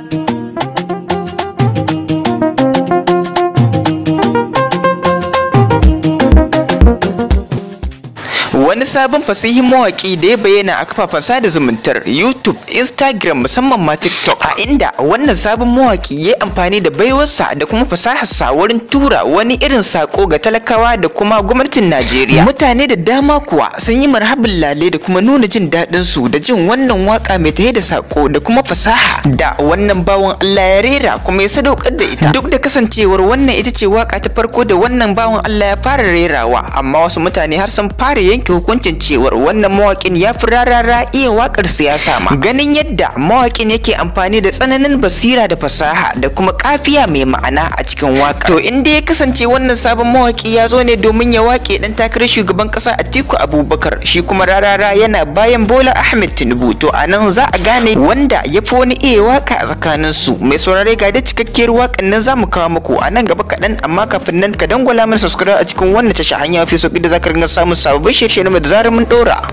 Thank you. sabon fasihin mawaki da ya bayyana a kafafen sada zumuntar YouTube, Instagram musamman ma TikTok. A inda wannan sabon mawaki ya amfani da baiwarsa da kuma fasaharsa wurin tura wani irin sako ga talakawa da kuma gwamnatin Najeriya. Mutane da dama kuwa sun yi marhabin lale da kuma nuna jin daɗin su da jin wannan waka mai tahe da sako da kuma fasaha da wannan bawan Allah ya rera kuma ya sadaukar da ita. Duk da kasancewar wannan ita ce waka ta farko da wannan bawan Allah ya fara rerawa amma wasu mutane har sun fara yanke hukunci bambancin cewar wannan mawaƙin ya fi rarara iya waƙar siyasa ma ganin yadda mawakin yake amfani da tsananin basira da fasaha da kuma kafiya mai ma'ana a cikin waka to inda ya kasance wannan sabon mawaki ya zo ne domin ya wake dan takarar shugaban ƙasa Atiku Abubakar shi kuma rarara yana bayan Bola Ahmed Tinubu to anan za a gane wanda ya fi wani iya waƙa a tsakanin su mai saurare ga da cikakkiyar wakan nan zamu kawo muku a nan gaba kaɗan amma kafin nan ka dangwala mana subscribe a cikin wannan tasha hanya fi sauki da zaka ringa samun sababbin shirye na bidiyo da zarar mun ɗora.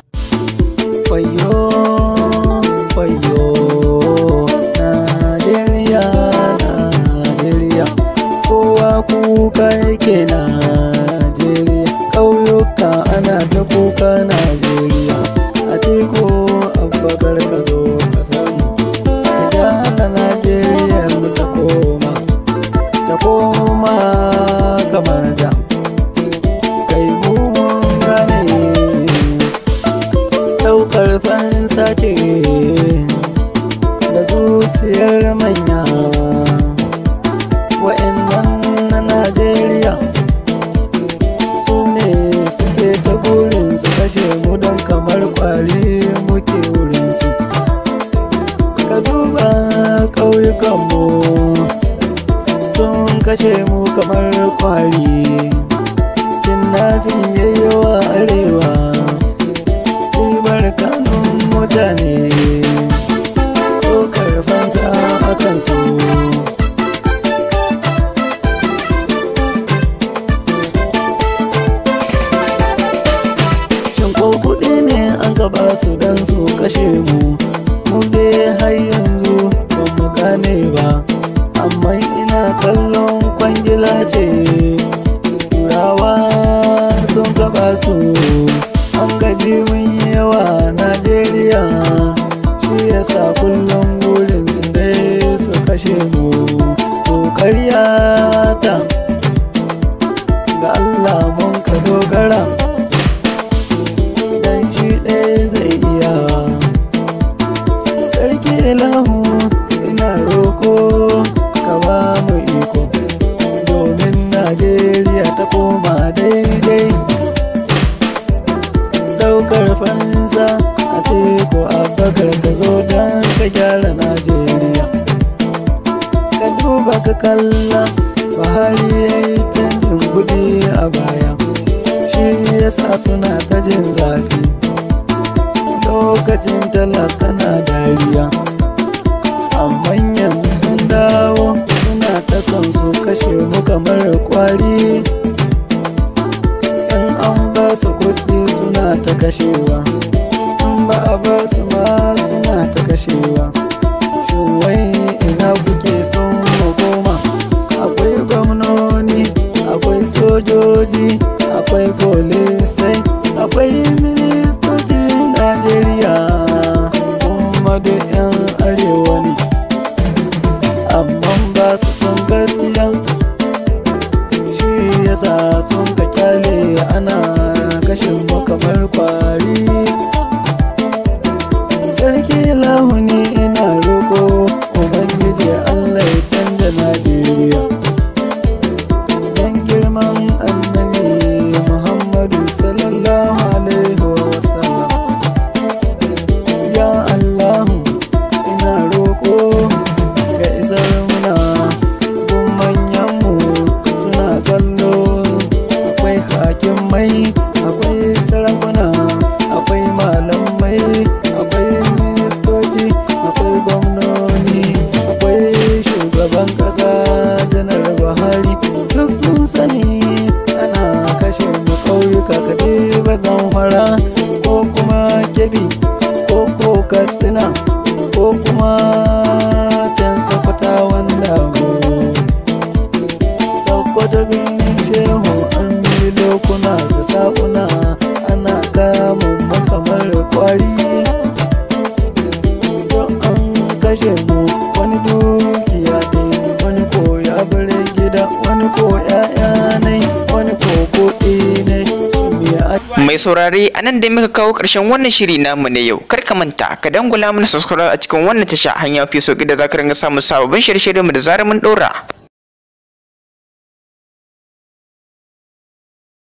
kuka ana ta kuka Najeriya a teko abubakar ka zo mar kwari kinnafin yayyawa arewa ɗibar kanun mutane ɗaukar fansa a kansu shin ko kuɗi ne an gaba su don su kashe mu mu dai hayyar ce rawa sun gaba su an gaji mun yawa najeriya shi yasa kullum gurin su ne su kashe mu to karya ta karfansa a teku a abakar ka zo don ka gyara najeriya ka duba ka kalla buhari basu ma suna ta kashewa shin wai ina kuke son goma, akwai gwamnoni akwai sojoji akwai polisai akwai kebbi ko ko katsina ko kuma can sakwata wanda mu sakwata birnin shehu an yi lokuna da sakuna ana kama makamar kwari don an kashe mu wani dukiya ɗaya wani ko ya bare gida wani ko ya mai saurare a nan dai muka kawo ƙarshen wannan shiri namu na yau kar ka manta ka dangula mana subscribe a cikin wannan tasha hanya fi sauki da za ka ringa samun sababbin shirye-shiryenmu da zarar mun ɗora